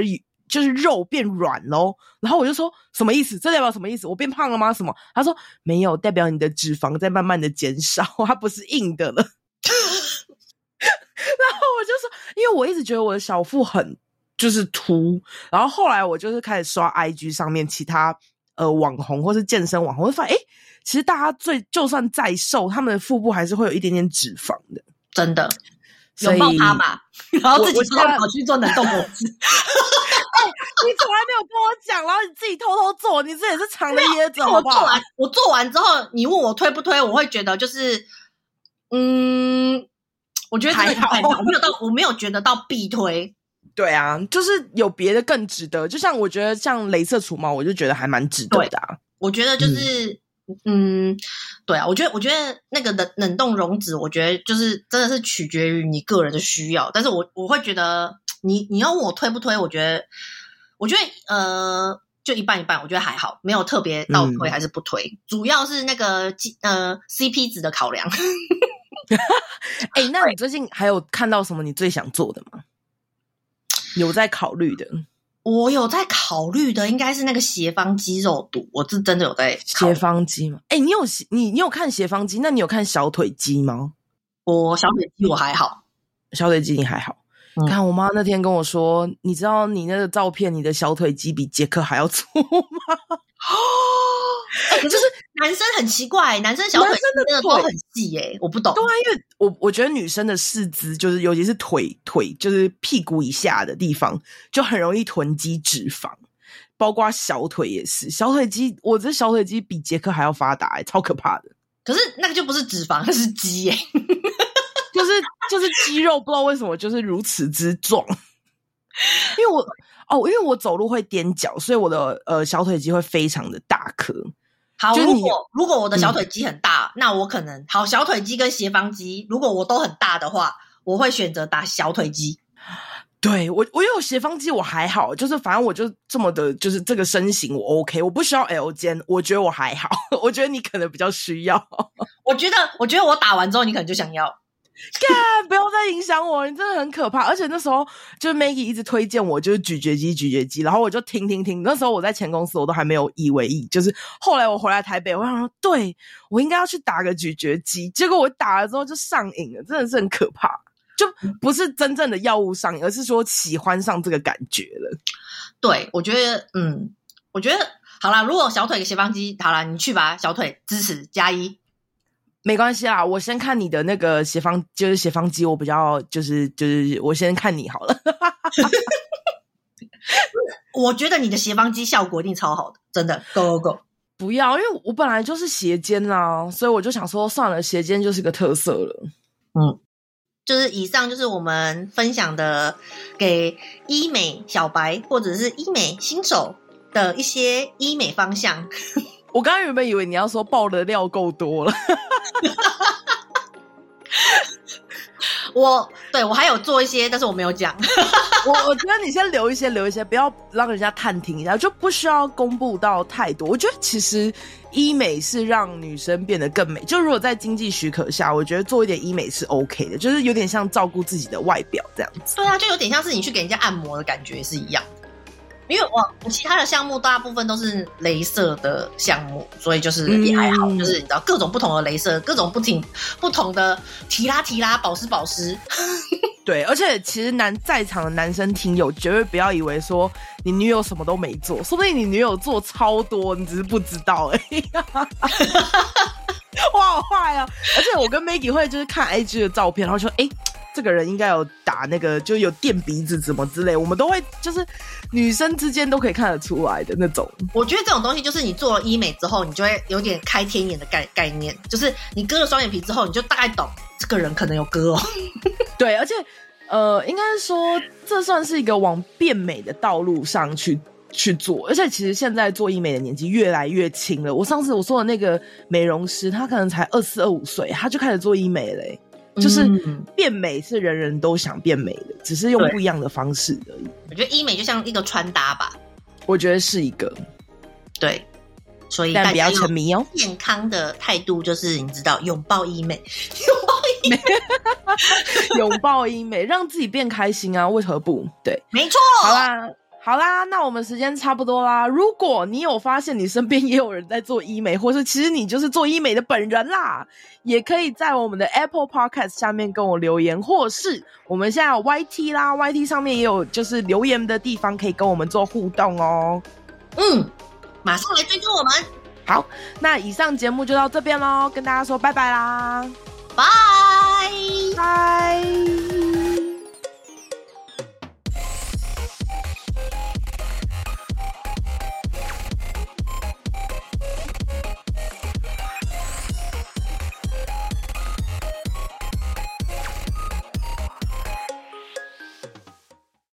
就是肉變軟咯，然後我就說，什麼意思？這代表什麼意思？我變胖了嗎？什麼？他說，沒有，代表你的脂肪在慢慢的減少，它不是硬的了。 *laughs* 然後我就說，因為我一直覺得我的小腹很，就是凸，然後後來我就是開始刷 IG 上面其他，呃，網紅或是健身網紅，我就發現哎、欸，其實大家最就算再瘦，他們的腹部還是會有一點點脂肪的，真的。有爆他嘛？然後自己偷偷跑去做冷凍脖子。你從來沒有跟我講，然後你自己偷偷做，你這也是藏着掖着吧？我做完之後，你問我推不推，我會覺得就是，嗯，我覺得好還好，我沒有到，我沒有覺得到必推。 *laughs* 對啊，就是有別的更值得，就像我覺得像鐳射除毛，我就覺得還蠻值得的啊。我覺得就是。嗯嗯，對啊，我覺得，我覺得那個冷冷凍溶脂，我覺得就是真的是取決於你個人的需要。但是我我會覺得，你你要問我推不推，我覺得，我覺得呃，就一半一半，我覺得還好，沒有特別倒推還是不推，嗯、主要是那個呃 CP 值的考量。哎、 *laughs* *laughs* 欸，那你最近還有看到什麼你最想做的嗎？有在考慮的。我有在考慮的，應該是那個斜方肌肉毒。我是真的有在斜方肌嗎？哎、欸，你有斜你你有看斜方肌？那你有看小腿肌嗎？我小腿肌我還好，小腿肌你還好。嗯、看我媽那天跟我說，你知道你那個照片，你的小腿肌比傑克還要粗嗎？哦、 *laughs* 欸，就是男生很奇怪，就是、男生小腿真的做的很細誒、欸。我不懂。對。我我覺得女生的四肢，就是尤其是腿腿，就是屁股以下的地方，就很容易囤積脂肪，包括小腿也是。小腿肌，我這小腿肌比傑克還要發達，哎，超可怕的。可是那個就不是脂肪，那是肌、欸、 *laughs* 就是就是肌肉，不知道為什麼就是如此之壯。 *laughs* 因為我哦，因為我走路會踮腳，所以我的呃小腿肌會非常的大顆。好，你如果如果我的小腿肌很大，嗯、那我可能好小腿肌跟斜方肌，如果我都很大的話，我會選擇打小腿肌。對，我，我有斜方肌我還好，就是反正我就這麼的，就是這個身形我 OK，我不需要 L 肩，我覺得我還好。我覺得你可能比較需要， *laughs* 我覺得我覺得我打完之後，你可能就想要。 *laughs* 幹！不要再影響我，你真的很可怕。而且那時候就 Maggie 一直推薦我，就是咀嚼肌，咀嚼肌。然後我就聽聽聽。那時候我在前公司，我都還沒有以為意。就是後來我回來台北，我想說，對，我應該要去打個咀嚼肌。結果我打了之後就上癮了，真的是很可怕。就不是真正的藥物上癮，而是說喜歡上這個感覺了。對，我覺得，嗯，我覺得好啦，如果小腿斜方肌好了，你去吧，小腿支持加一。沒關係啦，我先看你的那個斜方，就是斜方肌，我比較就是就是，我先看你好了。 *laughs* *laughs* 我覺得你的斜方肌效果一定超好的，真的，go go go！不要，因為我本來就是斜肩啦，所以我就想說算了，斜肩就是個特色了。嗯，就是以上就是我們分享的給醫美小白或者是醫美新手的一些醫美方向。 *laughs* 我剛原本以為你要說，爆的料夠多了 *laughs* 我，我，對，我還有做一些，但是我沒有講。 *laughs* 我我覺得你先留一些，留一些，不要讓人家探聽一下，就不需要公布到太多。我覺得其實醫美是讓女生變得更美，就如果在經濟許可下，我覺得做一點醫美是 OK 的，就是有點像照顧自己的外表這樣子。對啊，就有點像是你去給人家按摩的感覺是一樣。因為我我其他的項目大部分都是鐳射的項目，所以就是也還好，嗯、就是你知道各種不同的鐳射，各種不停不同的提拉提拉，保濕保濕。 *laughs* 對，而且其實男在場的男生聽友絕對不要以為說你女友什麼都沒做，說不定你女友做超多，你只是不知道哎、欸。 *laughs* 哇，好壞哦、啊！ *laughs* 而且我跟 Maggie 會就是看 IG 的照片，然後就說，哎、欸，這個人應該有打那個就有墊鼻子怎麼之類，我們都會就是女生之間都可以看得出來的那種。我覺得這種東西就是你做了醫美之後，你就會有點開天眼的概概念，就是你割了雙眼皮之後，你就大概懂這個人可能有割哦。 *laughs* 對，而且，呃，應該說，這算是一個往變美的道路上去去做。而且，其實現在做醫美的年紀越來越輕了。我上次我說的那個美容師，他可能才二四二五歲，他就開始做醫美嘞、欸。就是變美是人人都想變美的，只是用不一樣的方式而已。我覺得醫美就像一個穿搭吧。我覺得是一個，對。所以但不要沉迷哦。健康的態度就是，你知道，擁抱醫美，擁 *laughs* 抱醫美，擁 *laughs* *laughs* 抱醫美，讓自己變開心啊！為何不對？沒錯。好啦，好啦，那我們時間差不多啦。如果你有發現你身邊也有人在做醫美，或是其實你就是做醫美的本人啦，也可以在我們的 Apple Podcast 下面跟我留言，或是我們現在有 YT 啦，YT 上面也有就是留言的地方，可以跟我們做互動哦。嗯。馬上來追蹤我們，好，那以上節目就到這邊嘍，跟大家說拜拜啦，拜拜 Bye。